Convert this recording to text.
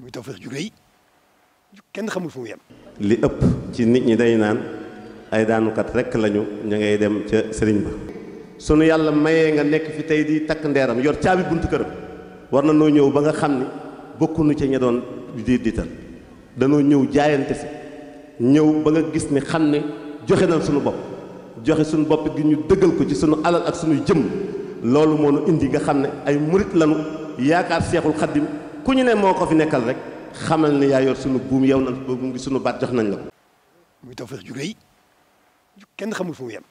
muy Tawfekh ju kenn xamul fu mu li ëpp ci nit ñi day naan ay daanukat rekk lañu ñu ngay dem ca sëriñ ba. sunu yàlla mayee nga nekk fi tey di takk ndeeram yor caabi buntu këram war na noo ñëw ba nga xam ni bokkunu ca ña doon di diital danoo ñëw jaayante si ñëw ba nga gis ni xam ne joxe na sunu bopp joxe sunu bopp gi ñu dëggal ko ci sunu alal ak sunu jëm loolu moo nu indi nga xam ne ay murit lañu yaakaar seexul xaddim ku ñu ne moo ko fi nekkal rek xamal ne yaa yor sunu buum yow na buum gi sunu baat jox nañ la ko. muy Tawfekh ju rëy kenn xamul fu mu yem.